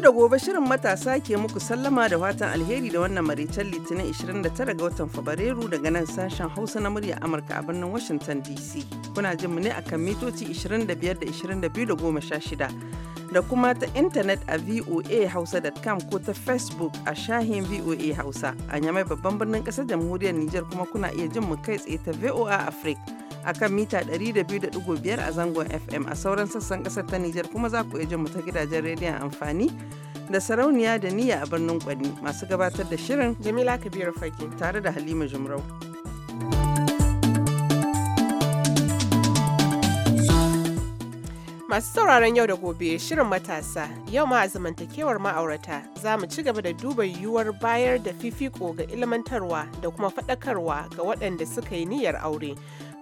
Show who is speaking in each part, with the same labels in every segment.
Speaker 1: kada da gobe shirin matasa ke muku sallama da watan alheri da wannan maraicen litinin 29 ga watan Fabrairu daga nan sashen Hausa na murya Amurka a birnin Washington DC. Kuna jin mu ne kan mitoci 25 da 22 da 16 da kuma ta intanet a voahausa.com ko ta Facebook a shahin VOA Hausa. A yamai babban birnin ƙasar jamhuriyar Nijar kuma kuna iya jin mu kai tsaye ta VOA Africa. a kan mita biyar a zangon FM a sauran sassan ƙasar ta Nijar kuma za ku iya mu ta gidajen rediyon amfani da sarauniya da niyya a birnin Kwani masu gabatar da shirin Jamila Kabiru Fage tare da Halima Jumrau. Masu sauraron
Speaker 2: yau da gobe shirin matasa yau ma a zamantakewar ma'aurata za mu ci gaba da duba yiwuwar bayar da fifiko ga ilmantarwa da kuma faɗakarwa ga waɗanda suka yi niyyar aure.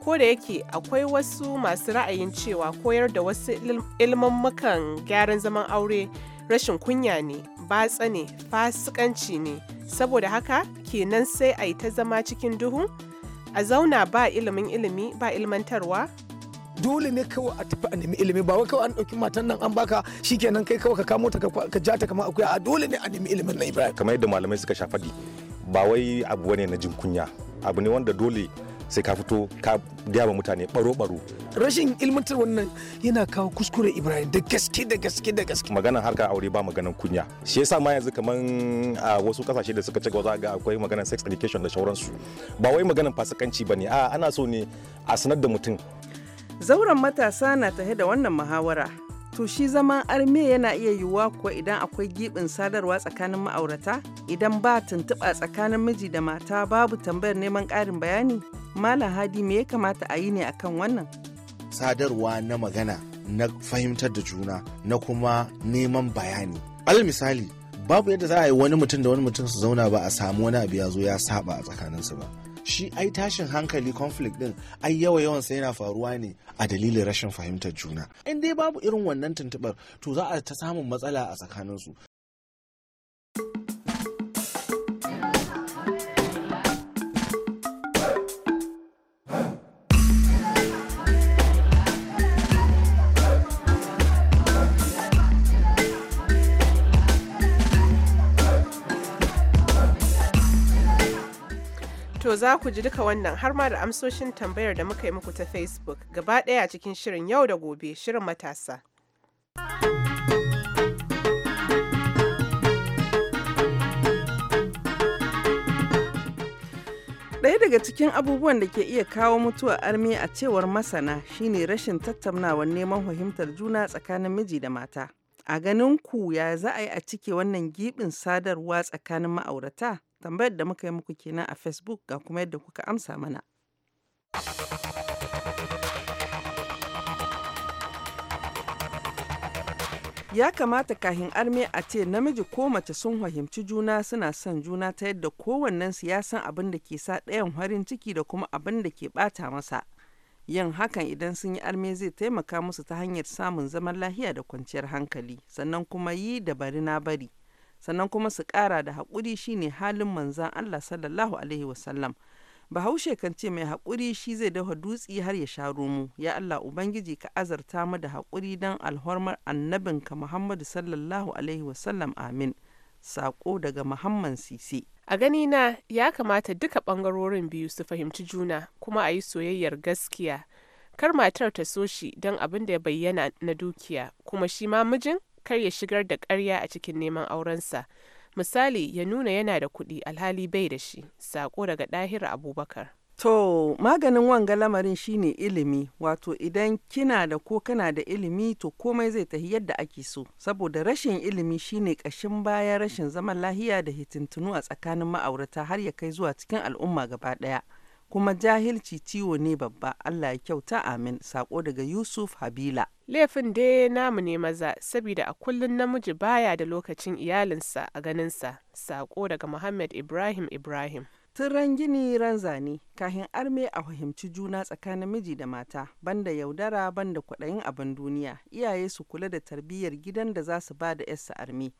Speaker 2: kodayake yake akwai wasu masu ra'ayin cewa koyar da wasu ilmammukan gyaran zaman aure rashin kunya ne batsa ne fasikanci ne saboda haka kenan sai a yi ta zama cikin duhu a zauna ba ilimin ilimi ba ilmantarwa
Speaker 3: dole ne kawai a tafi a nemi ilimi ba wai kawai an ɗauki matan nan an baka shikenan kai kawai ka kamo ta ka ja ta kamar akuya a dole ne a nemi ilimin na
Speaker 4: Ibrahim kamar yadda malamai suka shafaɗi ba wai abu ne na jin kunya abu ne wanda dole sai ka fito ka gaya mutane baro-baro
Speaker 3: rashin ilmantar wannan yana kawo kuskure ibrahim da gaske da gaske da gaske maganar harka aure ba maganar kunya
Speaker 4: shi yasa ma yanzu kaman a wasu kasashe da suka ci gaba ga akwai maganar sex education da shauransu ba wai maganan fasikanci bane a ana so ne a sanar da mutum
Speaker 1: zauren matasa na tahe da wannan muhawara To shi zaman arme yana iya yiwuwa kuwa idan akwai gibin sadarwa tsakanin ma'aurata? Idan ba tuntuɓa tsakanin miji da mata babu tambayar neman ƙarin bayani? Malam Hadi me ya kamata a yi ne akan wannan?
Speaker 5: Sadarwa na magana, na fahimtar da juna, na kuma neman bayani. Al misali, babu yadda za a yi wani mutum da wani mutum su zauna ba a samu wani abu ya zo ya saba a tsakaninsu ba. shi ai tashin hankali conflict din ai yawa yawan sai yana faruwa ne a dalilin rashin fahimtar juna in dai babu irin wannan tuntubar to za a ta samun matsala a tsakanin su
Speaker 2: za ku ji duka wannan har ma da amsoshin tambayar da muka yi muku ta Facebook gaba ɗaya cikin shirin yau da gobe shirin matasa.
Speaker 1: Ɗaya daga cikin abubuwan da ke iya kawo mutuwa armi a cewar masana shine rashin tattaunawar neman fahimtar juna tsakanin miji da mata. A ganin ku ya za a yi a cike wannan giɓin sadarwa tsakanin ma'aurata? Tambayar da muka yi muku kenan a Facebook ga kuma yadda kuka amsa mana. Ya kamata kahin arme a ce namiji ko mace sun fahimci juna suna son juna ta yadda kowannensu ya san abin da ke sa ɗayan farin ciki da kuma abin da ke ɓata masa. yin hakan idan sun yi arme zai taimaka musu ta hanyar samun zaman lahiya da kwanciyar hankali sannan kuma yi da bari na bari sannan kuma su kara da haƙuri shine halin manzan Allah sallallahu alaihi wasallam Bahaushe kan ce mai haƙuri shi zai dafa dutsi har ya sha romo ya Allah ubangiji ka azarta mu da haƙuri don alhormar annabinka Muhammadu sallallahu alaihi wasallam amin sako daga Muhammad Sisi A gani na ya kamata duka ɓangarorin biyu su fahimci juna kuma a yi
Speaker 2: soyayyar gaskiya kar matar ta so shi don abin da ya bayyana na dukiya kuma shi ma mijin kar ya shigar da karya a cikin neman aurensa misali ya nuna yana da kuɗi alhali bai da shi sako daga ɗahir abubakar
Speaker 1: To maganin wanga lamarin shine ilimi wato idan kina da ko kana da ilimi to komai zai tafi yadda ake so saboda rashin ilimi shine kashin baya rashin zaman lahiya da hitintunu a tsakanin ma'aurata har ya kai zuwa cikin al'umma gaba ɗaya. kuma jahilci ciwo ne babba Allah ya kyauta amin sako daga Yusuf Habila. Laifin dai namu ne
Speaker 2: maza saboda a kullun namiji baya da lokacin iyalinsa a ganinsa sako daga
Speaker 1: Muhammad Ibrahim Ibrahim. Tun ran gini ran zane kahin arme a fahimci juna tsakanin miji da mata banda yaudara banda kwaɗayin abin duniya iyaye su kula da tarbiyyar gidan da za su ba da 'yarsa arme.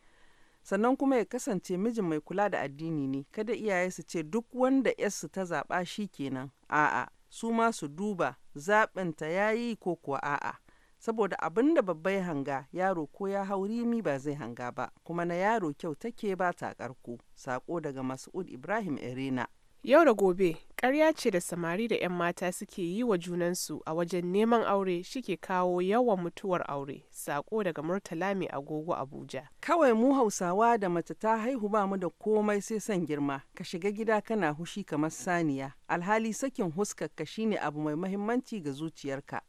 Speaker 1: sannan kuma ya kasance mijin mai kula da addini ne kada iyaye su ce duk wanda yarsu ta zaɓa shi kenan a'a su ma su duba zaɓinta ya yi ko kuwa a'a saboda abin da babba ya hanga yaro ko ya hau rimi ba zai hanga ba kuma na yaro kyau take ba ta karko sako daga mas'ud ibrahim irena yau da gobe karya ce da samari da 'yan mata
Speaker 2: suke yi wa junansu a wajen neman aure shi ke kawo yawan mutuwar aure, sako
Speaker 1: daga Murtala mai agogo Abuja. Kawai mu Hausawa da mace ta haihu ba mu da komai sai son girma, ka shiga gida kana hushi kamar saniya, alhali sakin ka shine abu mai mahimmanci ga zuciyarka.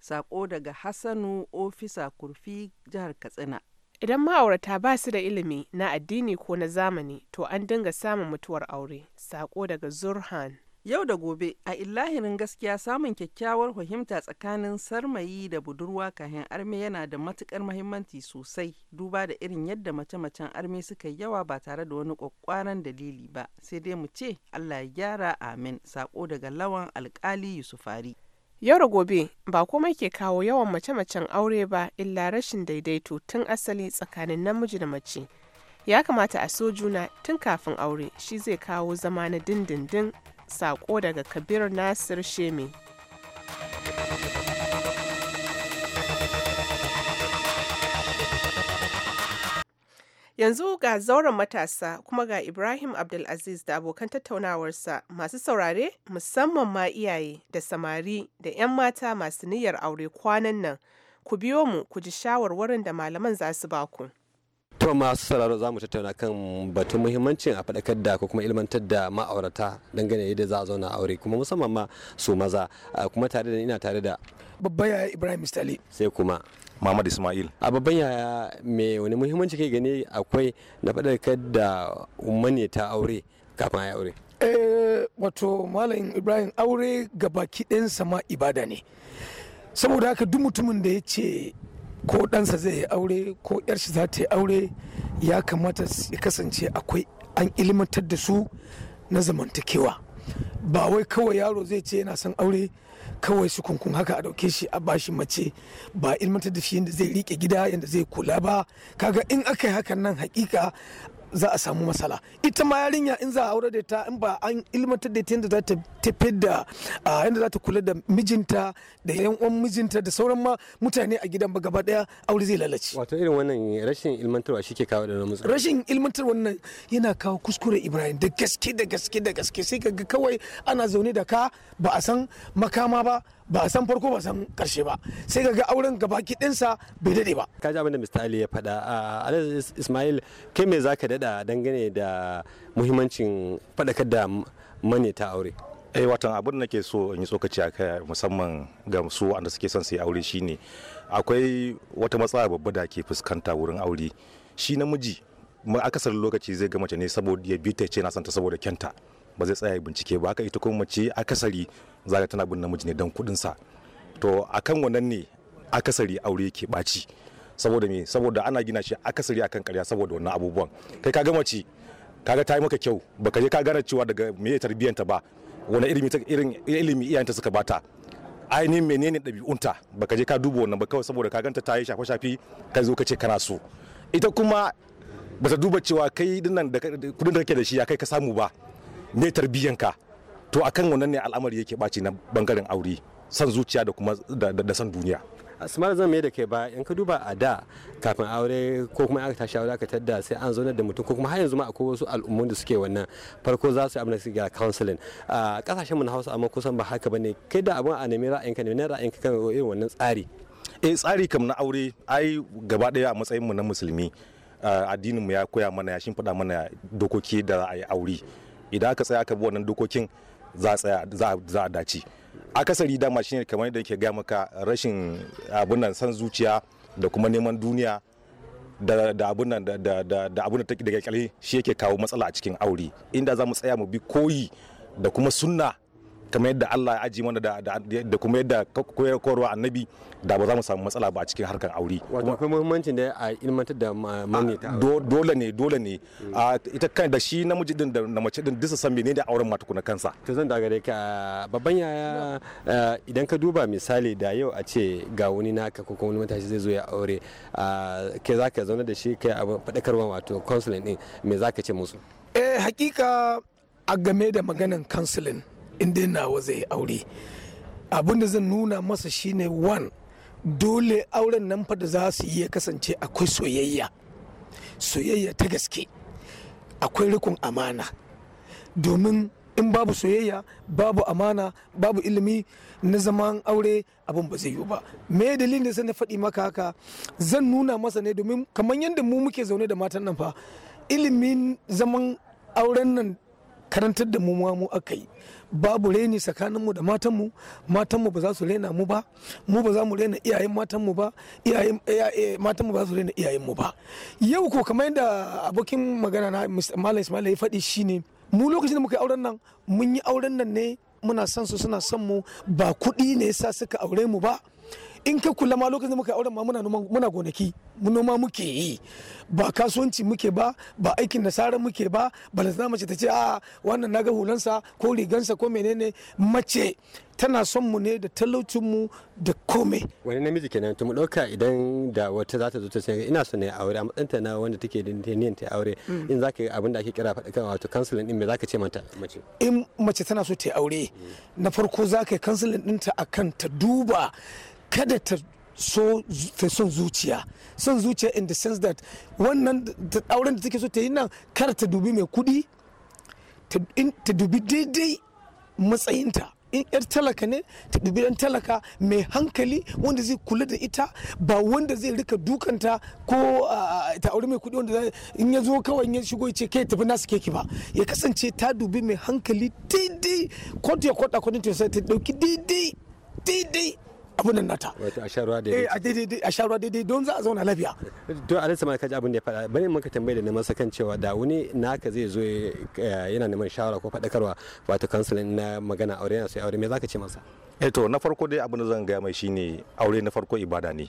Speaker 1: Sako daga Hassanu Ofisa
Speaker 2: Kurfi, Jihar Katsina. Idan ma'aurata ba su da ilimi na addini ko na zamani, to
Speaker 1: an dinga samun mutuwar aure. Saƙo daga Zurhan. Yau da gobe, a illahirin gaskiya samun kyakkyawar fahimta tsakanin sarmayi da budurwa kahin arme yana da matukar mahimmanci sosai duba da irin yadda mace-macen arme suka yawa ba tare da wani kwakwaran dalili ba. Sai dai mu ce, Allah ya gyara amin. Sako daga lawan alkali Yusufari.
Speaker 2: Yau gobe ba komai ke kawo yawan mace-macen aure ba illa rashin daidaito tun asali tsakanin namiji da mace. Ya kamata a so juna tun kafin aure shi zai kawo zama na dindindin sako daga Kabir Nasir shemi Yanzu ga zauren matasa kuma ga Ibrahim Abdulaziz da abokan tattaunawarsa masu saurare musamman ma iyaye da samari da 'yan mata masu niyyar aure kwanan nan. Ku biyo mu ku ji shawarwarin da malaman za su baku.
Speaker 6: To masu sauraro za mu tattauna kan batun muhimmancin a faɗakar da ko kuma ilmantar da ma'aurata dangane yadda za a zauna aure kuma musamman ma su maza kuma tare da ina tare da. Babba ya Ibrahim Mr. Sai kuma. Muhammad Ismail. A babban yaya me wani muhimmanci kai gani akwai na faɗakar da ta aure kafin a aure?
Speaker 3: Eh wato Malam Ibrahim aure ga baki ɗayansa ibada ne. Saboda haka duk mutumin da ya ce ko ɗansa zai yi aure ko yarshi za ta yi aure ya kamata ya kasance akwai an ilmantar da su na zamantakewa. ba wai kawai yaro zai ce yana son aure kawai su kunkun haka a dauke shi a bashi mace ba ilmantar da shi yadda zai rike gida yadda zai kula ba kaga in aka yi hakan nan hakika za a samu matsala ita ma yarinya in za a aure da ta in ba an ilmantar da ta yadda za ta tafi da yadda za ta kula da mijinta da yan uwan mijinta da sauran ma mutane a gidan ba gaba daya aure zai
Speaker 6: lalace wato irin wannan rashin ilmantarwa ke kawo da matsala
Speaker 3: rashin ilmantar wannan yana kawo kuskure Ibrahim da gaske da gaske da gaske sai kaga kawai ana zaune da ka ba a san makama ba ba san farko ba san karshe ba sai ga ga auren gaba sa bai dade
Speaker 6: ba ka ji abinda da Mr. Ali ya faɗa a Ismail kai me zaka dada dangane da
Speaker 4: muhimmancin faɗakar da maneta aure eh watan abin da nake so in yi tsokaci a kai musamman ga su wanda suke son su yi aure shine akwai wata matsala babba da ke fuskanta wurin aure shi namiji akasar lokaci zai ga mace ne saboda ya ta ce na santa saboda kyanta ba zai tsaya bincike ba haka ita kuma mace akasari zaka tana bin namiji ne don kudin sa to akan wannan ne akasari aure ke ɓaci saboda me saboda ana gina shi akasari akan karya saboda wannan abubuwan kai ka gama ci kaga ta yi maka kyau baka je ka gane cewa daga meye tarbiyyanta ba wani ilimi irin ilimi iyayenta suka bata ainihin menene ɗabi'unta baka je ka duba wannan ba kawai saboda ka ganta ta yi shafe shafi ka zo ka ce kana so ita kuma bata duba cewa kai dinnan da kudin da kake da shi ya kai ka samu ba ne ka to akan wannan ne al'amari yake ɓaci na bangaren aure san zuciya da kuma da san duniya asmar zan mai da kai ba in ka duba a
Speaker 6: da kafin aure ko kuma aka tashi aure aka tadda sai an zonar da mutum ko kuma har yanzu ma akwai wasu al'ummun da suke wannan farko za su yi abin da counseling a kasashen mu na Hausa amma kusan ba haka bane kai da abun a nemi ra'ayinka ne ra'ayinka kan irin wannan tsari
Speaker 4: eh tsari kam na aure ai gaba daya a matsayin mu na musulmi addinin mu ya koya mana ya shimfiɗa mana dokoki da za a yi aure idan aka tsaya aka bi wannan dokokin za a dace akasari dama shine kamar yadda ke gaya maka rashin abun nan san zuciya da kuma neman duniya da abun nan da abun da take daga shi yake kawo matsala a cikin aure inda za mu tsaya mu bi koyi da kuma sunna kamar yadda Allah ya aji mana da da kuma yadda koyarwa annabi da ba za mu samu matsala ba a cikin harkar aure wato akwai muhimmancin da a ilmantar da mamita dole ne dole ne ita kan da shi namiji din da mace din duk san menene auren mata kuna kansa to zan daga da ka babban yaya
Speaker 6: idan ka duba misali da yau a ce ga wani naka ko kuma wani matashi zai zo ya aure ke zaka zauna da shi kai a faɗakarwa wato counseling din me zaka ce musu
Speaker 3: eh hakika a game da maganin counseling in dai nawa zai aure abin da zan nuna masa shine one dole auren nan fa da za su yi ya kasance akwai soyayya soyayya ta gaske akwai rikon amana domin in babu soyayya babu amana babu ilimi na zaman aure abin ba zai yiwu ba me dalilin da zan na faɗi maka haka zan nuna masa ne domin kamar yadda mu muke zaune da matan nan fa ilimin zaman auren nan karantar da mu ma mu aka yi babu reni tsakaninmu da matanmu matanmu ba za su rena mu ba mu ba za mu rena iyayen mu ba iyayen eh, eh, matanmu ba za su rena mu ba yau ko kamar yadda abokin magana na Malam Ismail ya faɗi shine mu lokacin da muka yi auren nan mun yi auren nan ne muna son su suna son mu ba kuɗi ne yasa suka aure mu ba in ka kula ma lokacin da muka auren ma muna muna gonaki mu noma muke yi ba kasuwanci muke ba ba aikin nasara muke ba zama mace ta ce a wannan naga hulansa ko rigansa ko menene mace tana son mu ne da mu da komai
Speaker 6: wani namiji kenan to mu dauka idan da wata za ta zo ta ce ina son ne aure a matsanta na wanda take da niyyar ta aure mm. in zaka yi abin da ake kira kan wato counseling din me zaka ce mata mace
Speaker 3: in mace tana so ta aure mm. na farko zaka yi counseling ta akan ta duba kada ta so ta son zuciya son zuciya in the sense that wannan auren da take so ta yi nan kar ta dubi mai kudi ta dubi daidai matsayinta in yar talaka ne ta dubi dan talaka mai hankali wanda zai kula da ita ba wanda zai rika dukanta ko ta auri mai kudi wanda in ya zo kawai ya shigo ce kai tafi nasu keki ba ya kasance ta dubi mai hankali daidai kwata ya kwata kwata ta dauki daidai daidai abin nan nata
Speaker 6: a sharuwa eh,
Speaker 3: daidai a sharuwa a don za a zauna lafiya
Speaker 6: to a rasa ka ji abin da ya faɗa bari ka tambaye da na masa cewa da wani naka zai zo yana neman shawara ko faɗakarwa wato kansulin na magana aure yana sai aure me zaka ce masa
Speaker 4: eh to na farko dai abin da zan gaya mai shine aure na farko ibada ne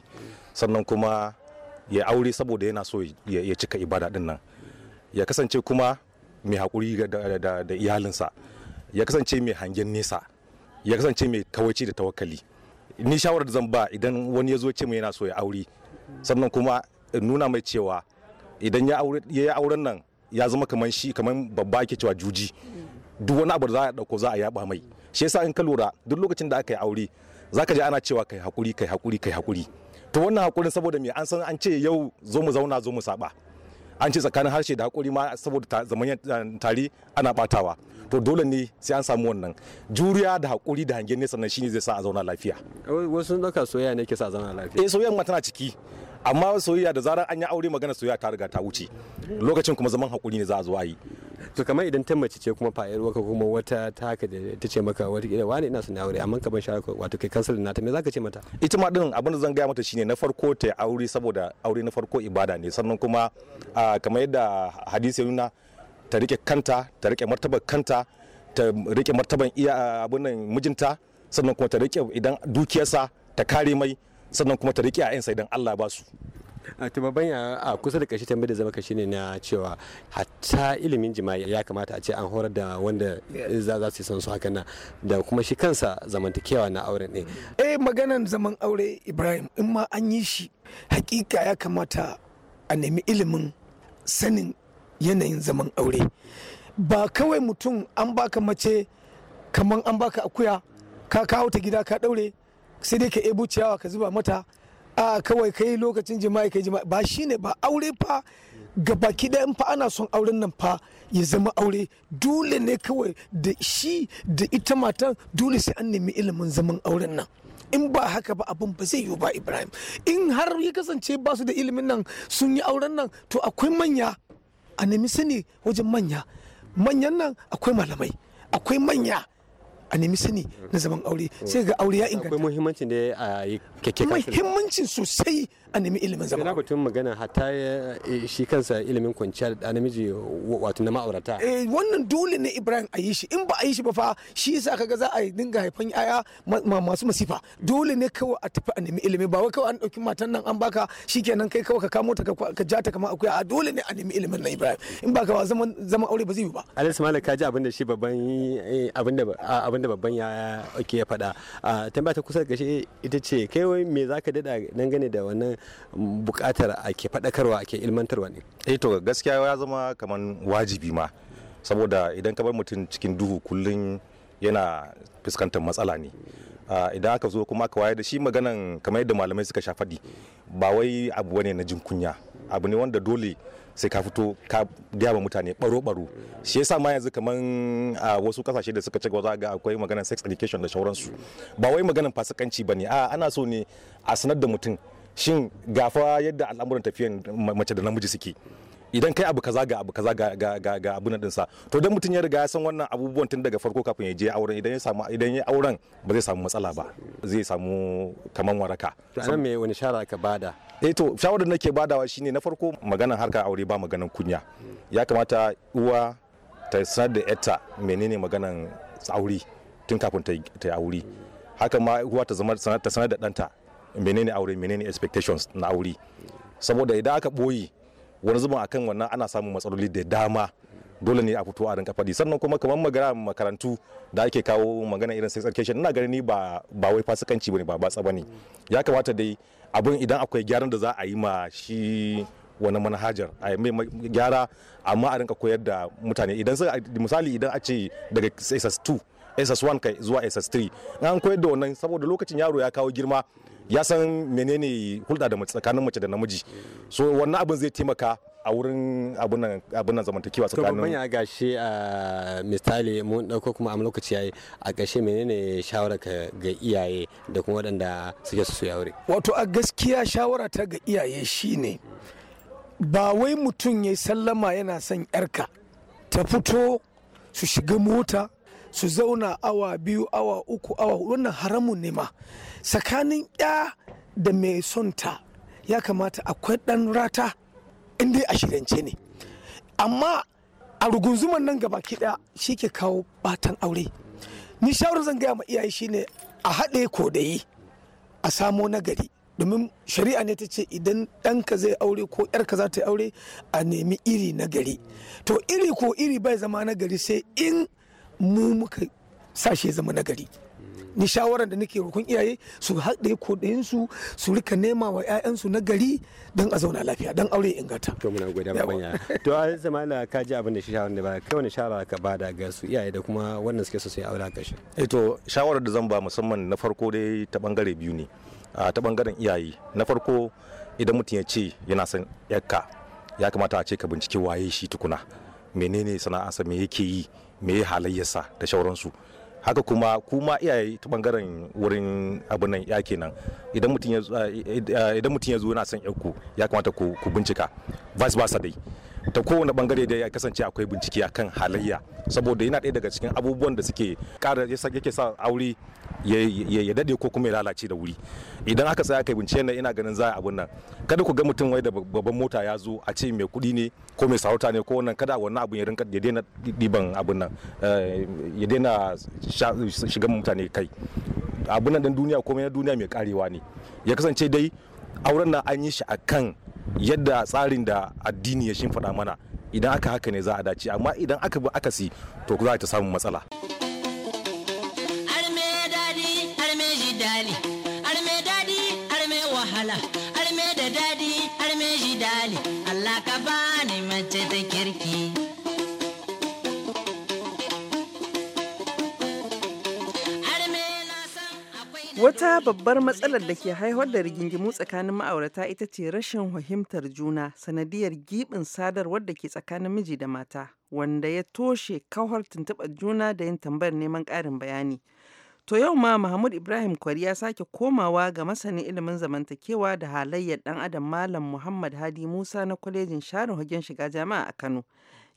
Speaker 4: sannan kuma ya aure saboda yana so ya cika ibada din nan ya kasance kuma mai haƙuri da iyalinsa ya kasance mai hangen nesa ya kasance mai kawaici da tawakkali ni shawarar zan ba idan wani ya zo ce mai yana so ya aure sannan kuma nuna mai cewa idan ya yi auren nan ya zama kamar shi kamar babba ake cewa juji duk wani abu da za a dauko za a yaba mai shi yasa in ka lura duk lokacin da aka yi aure zaka je ana cewa kai hakuri kai hakuri kai hakuri to wannan hakurin saboda me an san an ce yau zo mu zauna zo mu saba an ce tsakanin harshe da hakuri ma saboda zaman tare ana batawa to dole ne sai an samu wannan juriya da hakuri da hangen nesa nan shine zai sa a zauna lafiya wasu sun dauka soyayya ne ke sa zauna lafiya eh soyayya ma tana ciki amma soyayya da zarar an yi aure magana soyayya ta riga ta wuce lokacin kuma zaman hakuri ne za a zo a yi
Speaker 6: to kamar idan ta mace ce kuma 'yar waka kuma wata ta haka da ta ce maka wata kila wani ina son aure amma kaman
Speaker 4: shara wato kai kansalin nata me zaka ce mata ita ma din abin da zan gaya mata shine na farko ta aure saboda aure na farko ibada ne sannan kuma ah, kamar yadda hadisi ya nuna ta rike kanta ta rike martabar kanta ta rike martaban iya abin nan mijinta sannan kuma ta rike idan dukiyarsa ta kare mai sannan kuma ta rike a yansa idan Allah ba su
Speaker 6: a tubaban a kusa da kashi tambayar da zama kashi ne na cewa hatta ilimin jima'i ya kamata a ce an horar da wanda za za su san su hakan na da kuma shi kansa zamantakewa na auren ne
Speaker 3: eh maganan zaman aure Ibrahim in ma an yi shi hakika ya kamata a nemi ilimin sanin yanayin zaman aure ba kawai mutum an baka mace kamar an baka akuya ka kawo ta gida ka daure sai dai ka ebo ciyawa ka zuba mata a kawai kai lokacin jima'i kai jima'i ba shine ba aure fa ga baki ɗayan fa ana son auren nan fa ya zama aure dole ne kawai da shi da ita matan dole sai an nemi ilimin zaman auren nan in ba haka ba abin ba zai yiwu ba ibrahim in har ya kasance ba su da ilimin nan sun yi auren nan to akwai manya a nemi sani wajen manya manyan nan akwai malamai akwai manya a nemi sani na zaman aure sai ga aure ya inganta
Speaker 6: akwai muhimmancin da a yi kyakkyakan muhimmancin sosai a nemi ilimin zaman aure batun magana hatta shi kansa ilimin kwanciya da namiji wato na ma'aurata eh
Speaker 3: wannan dole ne Ibrahim a yi shi in ba a yi shi ba fa shi yasa kaga za a dinga haifan yaya masu masifa dole ne kawai a tafi a nemi ilimi ba wai kawai an dauki matan nan an baka shikenan kai kawai ka kamo ta ka ja ta kamar akuya a dole ne a nemi ilimin na Ibrahim in ba ka zaman zaman aure ba zai yi ba
Speaker 6: Alhaji Malik ka ji abin da shi babban eh, abin da da babban ya ke ya faɗa tambaya ta kusa gashi ita ce kai wai me zaka daɗa dangane da wannan buƙatar
Speaker 4: a ake faɗakarwa ake ilmantarwa ne eh to gaskiya ya zama kamar wajibi ma saboda idan ka bar mutum cikin duhu kullum yana fuskantar matsala ne idan aka zo kuma aka wayar da shi maganan kamar yadda malamai suka sha faɗi ba wai abu ne na jin kunya abu ne wanda dole sai ka fito ka gaya wa mutane baro baro shi yasa ma yanzu kaman a wasu kasashe da suka ci gaba ga akwai maganar sex education da sauransu ba wai maganar fasikanci bane a ana so ne a sanar da mutum shin gafa yadda al'amuran tafiyan mace da namiji suke idan kai abu kaza ga abu kaza ga ga ga, ga abu na dinsa to dan mutum ya riga ya san wannan abubuwan tun daga farko kafin ya je auren idan ya samu idan ya auren ba zai samu matsala ba zai samu kaman waraka to anan me
Speaker 6: wani shara ka bada
Speaker 4: eh to shawarar nake badawa shine na farko maganan harka aure ba maganan kunya ya kamata uwa ta sanar da yarta menene maganar aure tun kafin ta yi aure haka ma uwa ta zama ta sanar da danta menene aure menene expectations na aure saboda idan aka boyi wani zuban akan wannan ana samun matsaloli da dama dole ne a fito a rinka faɗi sannan kuma kamar magana makarantu da ake kawo magana irin sex education ina ganin ba ba wai fasikanci bane ba batsa ne ya kamata dai abin idan akwai gyaran da za a yi ma shi wani manhajar a yi gyara amma a rinka koyar da mutane idan misali idan a ce daga ss2 ss1 kai zuwa ss3 an koyar da wannan saboda lokacin yaro ya kawo girma ya san menene hulɗa da tsakanin mace da namiji so wannan abin zai taimaka a wurin abunan nan zamantakewa tsakanin kuma ya
Speaker 6: gashi a misali mun dauko kuma a lokaci yayi a gashi menene shawara ka ga iyaye da kuma waɗanda suke su ya aure
Speaker 3: wato a gaskiya shawara ta ga iyaye shine ba wai mutum ya sallama yana son yarka ta fito su shiga mota su zauna awa biyu awa uku awa wannan haramun ne ma tsakanin ya da mai son ta ya kamata akwai ɗan rata in dai a shirance ne amma a rugunzuman nan gaba kiɗa shi ke kawo batan aure ni shawarar zan gaya ma iyaye shine a haɗe ko yi a samo nagari domin shari'a ne ta ce idan ɗanka zai aure ko ‘yarka za ta yi aure a nemi iri nagari to iri ko iri bai zama nagari sai in mu muka sashe zama nagari ni shawaran da nake hukun iyaye su haɗe kodayin su su rika nema wa 'ya'yansu na gari don a zauna lafiya don aure inganta to
Speaker 6: muna gode to a zama da Kaji abin da shi shawaran da ba kai wani shawara ka bada ga su iyaye da kuma wannan suke so su yi aure a ƙarshe
Speaker 4: eh to shawarar da zan ba musamman na farko dai ta bangare biyu ne a ta bangaren iyaye na farko idan mutum ya ce yana son yakka ya kamata a ce ka bincike waye shi tukuna menene sa me yake yi me halayyarsa da shauransu haka kuma kuma iyaye ta bangaren wurin abin nan ya kenan idan mutum ya zo eh, yana son yanku ya kamata ku ku bincika vice versa dai ta kowane bangare da ya kasance akwai bincike akan halayya saboda yana daya daga cikin abubuwan da suke ƙara yake sa aure ya dade ko kuma ya lalace da wuri idan aka tsaya kai bincike nan ina ganin za a abun nan kada ku ga mutum wai da babban mota ya zo a ce mai kudi ne ko mai sarauta ne ko wannan kada wannan abun ya rinka ya daina diban abun nan eh, ya daina shigan mutane kai abun nan din duniya komai na duniya mai karewa ne ya kasance dai auren nan an yi shi akan yadda tsarin da addini ya shimfiɗa mana idan aka haka ne za a dace amma idan aka bi aka si to ku za a ta samun matsala.
Speaker 2: arme da dadi arme shi dali Allah ka bani mace ta kirki
Speaker 1: Wata babbar matsalar da ke haihuwar da rigingimu tsakanin ma'aurata ita ce rashin fahimtar juna sanadiyar gibin sadarwar da ke tsakanin miji da mata wanda ya toshe kawar tuntuɓar juna da yin tambayar neman ƙarin bayani. To yau ma Mahmud Ibrahim Kwari ya sake komawa ga masanin ilimin zamantakewa da halayyar ɗan adam Malam Muhammad Hadi Musa na kwalejin sharin hagen shiga jami'a a Kano.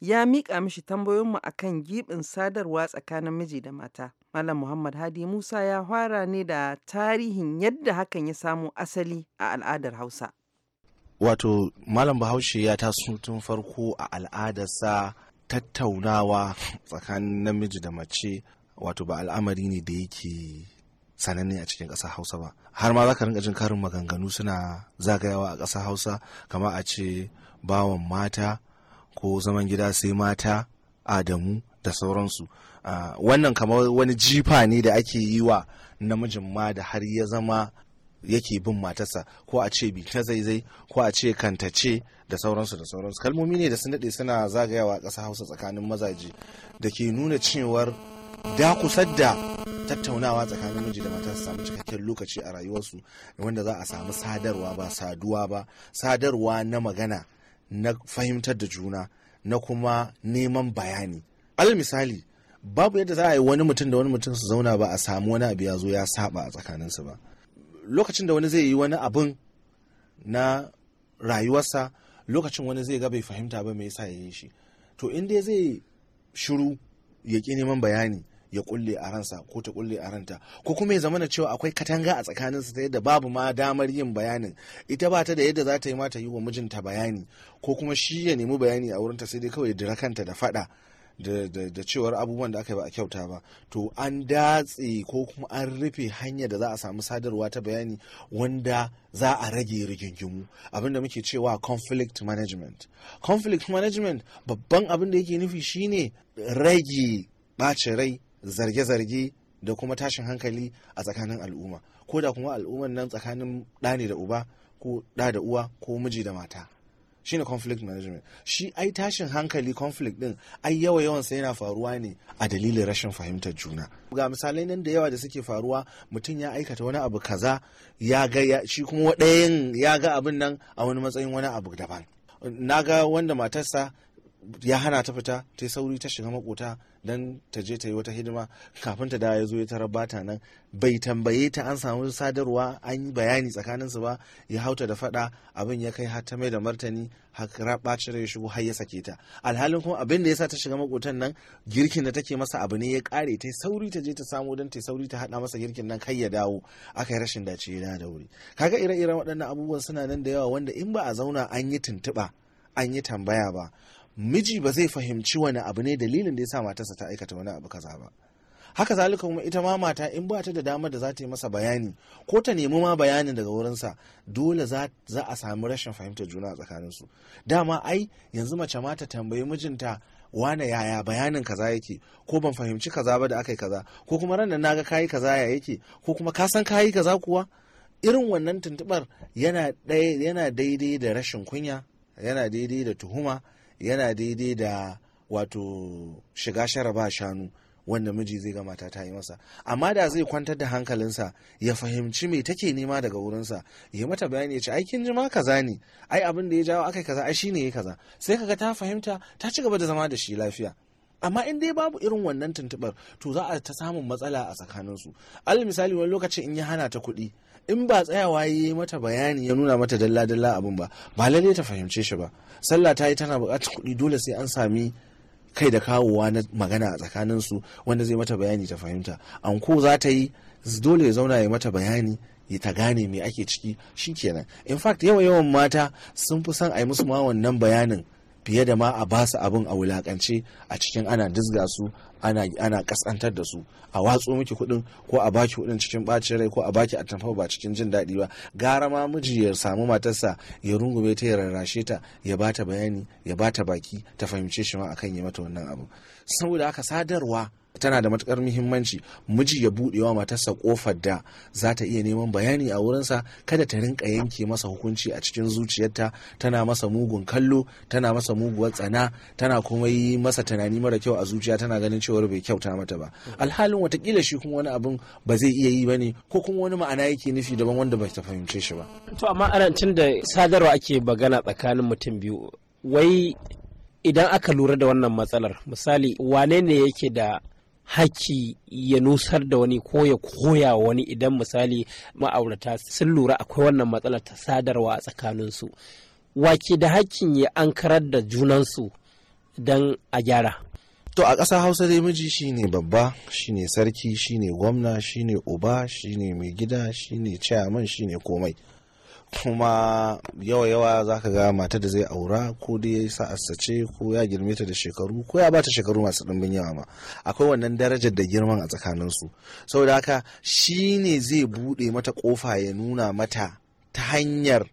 Speaker 1: Ya miƙa mishi tambayoyinmu kan giɓin sadarwa tsakanin miji da mata. Malam Muhammad Hadi Musa ya fara ne da tarihin yadda hakan ya samo asali a al'adar Hausa.
Speaker 5: Wato Malam Bahaushe ya taso tun farko a al'adarsa tattaunawa tsakanin namiji da mace wato ba al'amari ne da yake sananne a cikin ƙasar hausa ba har ma za ka rinka jin karin maganganu suna zagayawa a ƙasar hausa kamar a ce bawan mata ko zaman gida sai mata adamu da sauransu wannan kamar wani jifa ne da ake yi wa namijin ma da har ya zama yake bin matarsa ko a ce bi ta zaizai ko a ce kantace da sauransu da sauransu kalmomi ne da sun daɗe suna zagayawa a ƙasa hausa tsakanin mazaje da ke nuna cewar Da dakusar da tattaunawa tsakanin miji da mata su samu cikakken lokaci a rayuwarsu wanda za a samu sadarwa ba saduwa ba sadarwa na magana na fahimtar da juna na kuma neman bayani alal misali babu yadda za a yi wani mutum da wani mutum su zauna ba a samu wani abu ya zo ya saba a tsakaninsu ba lokacin da wani zai yi wani abin na rayuwarsa lokacin wani zai ga bai fahimta ba me yasa ya yi shi to in dai zai shiru ya ƙi neman bayani ya kulle a ransa ko ta kulle a ranta ko kuma ya zamana cewa akwai katanga a tsakanin su ta yadda babu ma damar yin bayanin ita ba ta da yadda za ta yi ma yi wa mijinta bayani ko kuma shi ya nemi bayani a wurinta sai dai kawai dira kanta da fada da cewar abubuwan da aka yi ba a kyauta ba to an datse ko kuma an rufe hanyar da za a samu sadarwa ta bayani wanda za a rage rigingimu abinda muke cewa conflict management conflict management babban abin da yake nufi shine rage ɓacin rai zarge-zarge da kuma tashin hankali a tsakanin al'umma ko da kuma al'umman nan tsakanin ɗa ne da uba ko da da uwa ko miji da mata shine conflict management shi ai tashin hankali conflict din ai yawa yawan sai yana faruwa ne a dalilin rashin fahimtar juna ga misalai nan da yawa da suke faruwa mutum ya aikata wani abu kaza ya ga shi kuma ɗayan ya ga abin nan a wani matsayin wani abu daban na ga wanda matarsa ya hana ta fita ta sauri ta shiga makota don ta je ta yi wata hidima kafin ta da ya zo ya tarar bata nan bai tambaye ta an samu sadarwa an yi bayani tsakanin su ba ya hauta da fada abin ya kai har ta mai da martani har bacin ya shigo har ya sake ta alhalin kuma abin da ya sa ta shiga makotan nan girkin da take masa abu ne ya kare ta sauri ta je ta samu don ta sauri ta hada masa girkin nan kai ya dawo aka yi rashin dace ya da wuri kaga ire-iren waɗannan abubuwan suna nan da yawa wanda in ba a zauna an yi tuntuɓa an yi tambaya ba miji ba zai fahimci wani abu ne dalilin da ya sa matarsa ta aikata wani abu kaza ba haka zalika kuma ita ma mata in ba ta da damar da za ta yi masa bayani ko ta nemi ma bayanin daga wurinsa dole za a sami rashin fahimtar juna a tsakaninsu dama ai yanzu mace ma ta tambayi mijinta wane yaya bayanin kaza yake ko ban fahimci kaza ba da aka yi kaza ko kuma ran da naga kayi kaza ya yake ko kuma ka san kayi kaza kuwa irin wannan tuntubar yana daidai da rashin kunya yana daidai da tuhuma yana daidai da wato shiga sharaba shanu wanda miji zai ga mata ta yi masa amma da zai kwantar da hankalinsa ya fahimci me take nema daga wurinsa ya mata bayani ya ce ai jima kaza ne ai abin da ya jawo akai kaza ai shine ya kaza sai kaga ta fahimta ta ci gaba da zama da shi lafiya amma in dai babu irin wannan tuntubar to za a ta samun matsala a tsakaninsu alal misali wani lokacin in ya hana ta kuɗi in ba tsayawa ya yi mata bayani ya nuna mata dalla dalla abin ba ba lalle ta fahimce shi ba sallah ta yi tana buƙatar kuɗi dole sai an sami kai da kawowa na magana a tsakanin su wanda zai mata bayani ta fahimta an ko za ta yi dole ya zauna ya mata bayani ya ta gane me ake ciki shi kenan in fact yawa yawan mata sun fi son a yi musu ma wannan bayanin fiye da ma a ba su abin a wulakance a cikin ana dizga su ana ana kasantar da su a watso miki kuɗin ko a baki kuɗin cikin bacin rai ko a baki a tamfa ba cikin jin daɗi ba gara ma miji ya samu matarsa ya rungume ta ya rarrashe ta ya bata bayani ya bata baki ta fahimce shi ma akan yi mata wannan abu saboda haka sadarwa tana da matukar muhimmanci miji ya buɗe wa matarsa kofar da za ta iya neman bayani a wurinsa kada ta rinka yanke masa hukunci a cikin zuciyarta tana masa mugun kallo tana masa muguwar tsana tana kuma yi masa tunani mara kyau a zuciya tana ganin cewar bai kyauta mata ba alhalin watakila shi kuma wani abin ba zai iya yi bane ko kuma wani ma'ana yake nufi daban wanda ba ta fahimce shi ba to amma arancin da sadarwa ake magana
Speaker 1: tsakanin mutum biyu wai idan aka lura da wannan matsalar misali wane ne yake da haki ya nusar da wani ko ya koya wani idan misali ma'aurata sun lura akwai wannan matsalar ta sadarwa a tsakaninsu wake da hakkin ya ankarar da junansu don a gyara to a
Speaker 5: ƙasa hausa dai miji shine babba shine sarki shine gwamna shine uba shine mai gida shine chairman shine komai kuma yawa yawa za ka ga mata da zai aura ko da ya sa asace ko ya girme ta da shekaru ko ya bata shekaru masu ɗimbin yawa ma akwai wannan darajar da girman a tsakanin tsakaninsu saboda haka shi ne zai buɗe mata ƙofa ya nuna mata ta hanyar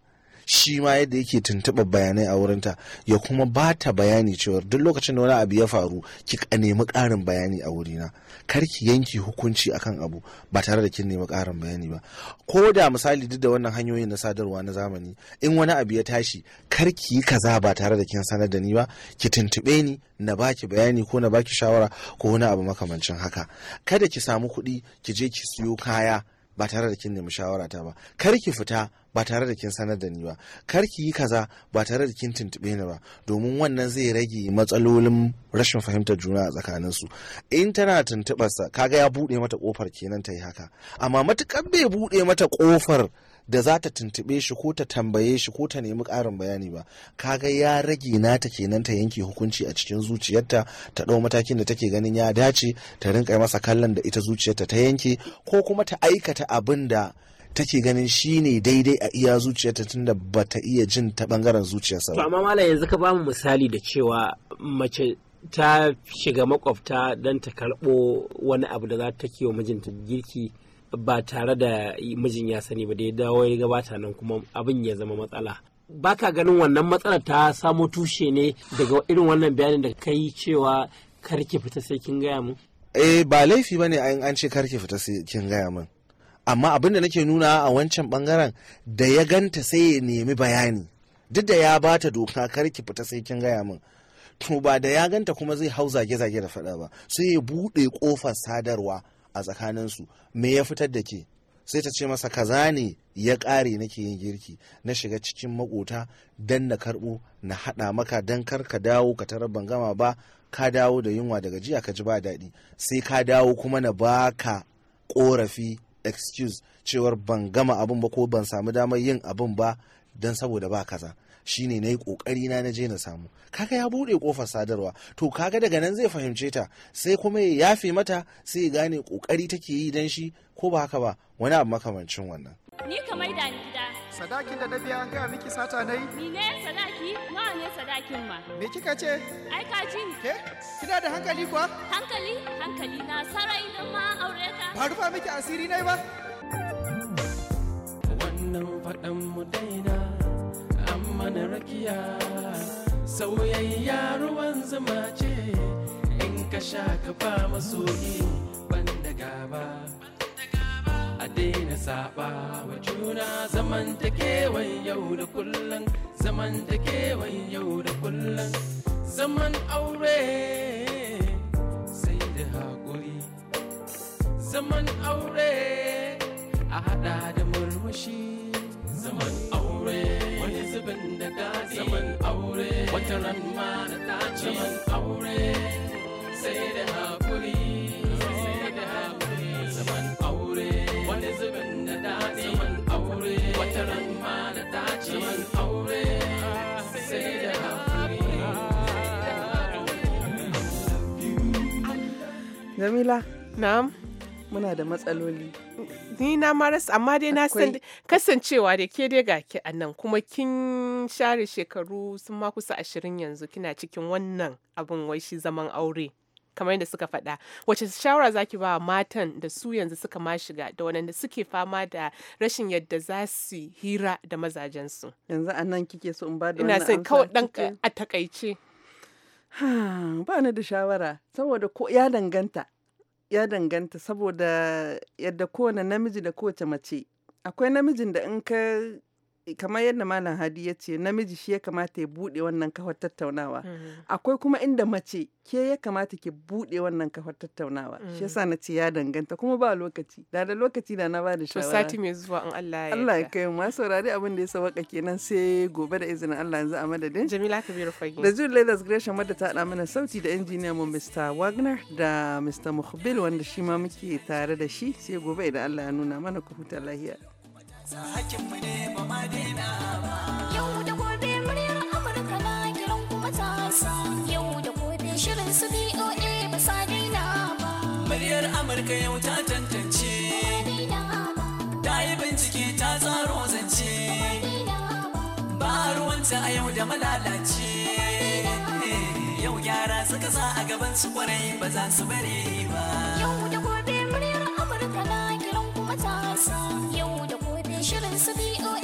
Speaker 5: shi ma yadda yake tuntuɓa bayanai a wurinta ya kuma ba ta bayani cewa duk lokacin da wani abu ya faru ki nemi ƙarin bayani a wurina kar ki yanke hukunci akan abu ba tare da kin nemi ƙarin bayani ba ko da misali duk da wannan hanyoyin na sadarwa na zamani in wani abu ya tashi kar ki yi kaza ba tare da kin sanar da ni ba ki tuntuɓe ni na baki bayani ko na baki shawara ko wani abu makamancin haka kada ki samu kuɗi ki je ki siyo kaya ba tare da kin nemi shawara ta ba kar ki fita ba tare da kin sanar da ni ba kar ki yi kaza ba tare da kin tuntube ni ba domin wannan zai rage matsalolin rashin fahimtar juna a tsakanin su in tana tuntubarsa kaga ya bude mata kofar kenan ta yi haka amma matukar bai bude mata kofar da za ta tuntube shi ko ta tambaye shi ko ta nemi ƙarin bayani ba kaga ya rage nata kenan ta yanke hukunci a cikin zuciyarta ta ɗau matakin da take ganin ya dace ta rinka masa kallon da ita zuciyarta ta yanke ko kuma ta aikata abin da take ganin shi ne daidai a iya zuciyarta tunda ba ta iya jin ta bangaren zuciyarsa ba. amma
Speaker 1: malam yanzu ka bamu misali da cewa mace ta shiga makwabta don ta karɓo wani abu da za ta ke wa mijinta girki ba tare da mijin ya sani ba da ya dawo ya gabata nan kuma abin ya zama matsala. Ba ka ganin wannan matsalar ta samo tushe ne daga irin wannan bayanin da ka yi cewa kar ki fita sai kin gaya mu?
Speaker 5: Eh ba laifi ba ne an ce karki fita sai kin gaya min. amma abin da nake nuna a wancan bangaren da ya ganta sai ya nemi bayani duk da ya ba ta doka kar ki fita sai kin gaya min to ba da ya ganta kuma zai hau zage-zage da faɗa ba sai ya buɗe ƙofar sadarwa a tsakanin su me ya fitar da ke sai ta ce masa kaza ne ya ƙare nake yin girki na shiga cikin makota dan na karɓo na haɗa maka dan kar ka dawo ka tarar bangama gama ba ka dawo da yunwa daga jiya ka ji ba daɗi sai ka dawo kuma na baka ƙorafi excuse cewar ban gama abin ba ko ban samu damar yin abin ba don saboda ba kaza shine na yi kokari na na je na samu kaga ya bude kofar sadarwa to kaga daga nan zai fahimce ta sai kuma ya yafe mata sai ya gane kokari take yi dan shi ko ba haka ba wani abu makamancin wannan ni ka maida ni gida sadakin da na biya an gaya miki sata nai. ni ne
Speaker 1: sadaki nawa ne sadakin ma me kika ce ai ka ji ke kina da hankali kuwa hankali hankali na sarai dan ba rufa miki asiri
Speaker 3: nai ba
Speaker 2: wannan faɗan mu daina amma na rakiya
Speaker 1: sauyayya ruwan zuma ce in ka sha ka ba masoyi ban da gaba a daina saba wa
Speaker 3: juna zamantakewan yau da kullum yau da kullum zaman aure zaman aure a hada da murmushi zaman aure wani zubin da dadi zaman aure wata ran ma da daci zaman aure sai da hakuri sai
Speaker 2: da hakuri
Speaker 3: zaman aure wani zubin da dadi zaman aure wata ran ma da daci zaman aure sai da hakuri
Speaker 1: جميلة نعم muna da matsaloli ni na maras amma dai na san
Speaker 2: kasancewa da ke dai ga ki nan kuma kin share shekaru sun ma kusa ashirin yanzu kina cikin wannan abin wai shi zaman aure kamar yadda suka faɗa wace shawara zaki ba matan da su yanzu suka ma shiga da waɗanda suke fama da rashin yadda za su hira da mazajensu yanzu a nan kike so in ba da ina sai kawai ɗan a
Speaker 1: takaice ba ni da shawara saboda ko ya danganta ya danganta saboda yadda kowane namiji da kowace mace akwai namijin da in ka kamar yadda malam hadi ya ce namiji shi ya kamata ya buɗe wannan kafar tattaunawa mm-hmm. akwai kuma inda mace ke ya kamata ke buɗe wannan kafar tattaunawa shi mm. yasa na ce ya danganta kuma ba lokaci da da lokaci da na bada shawara to sati
Speaker 2: mai zuwa in Allah ya Allah ya
Speaker 1: kai mu saurari abin da ya sauka kenan sai gobe da izinin Allah yanzu a madadin Jamila
Speaker 2: Kabiru Fage da Jude Leathers
Speaker 1: Gresham wadda ta haɗa mana sauti da injiniya mu Mr Wagner da Mr Mukhbil wanda shi ma muke tare da shi sai gobe idan Allah ya nuna mana ku huta lahiya Hakinmu
Speaker 3: ne ba ma daina ba. Yau da gobe muryar Amurka na kiran kuma tasa. Yau da gobe shirin su BOA ba sa daina ba. Muryar Amurka yau ta tantance. Ta yi bincike ta tsaro zance. Ba ruwanta a yau da malalace. Yau gyara suka sa a gaban su kwarai ba za
Speaker 1: su bari ba.
Speaker 3: Yau da gobe muryar Amurka na kiran kuma tasa. Yau recipe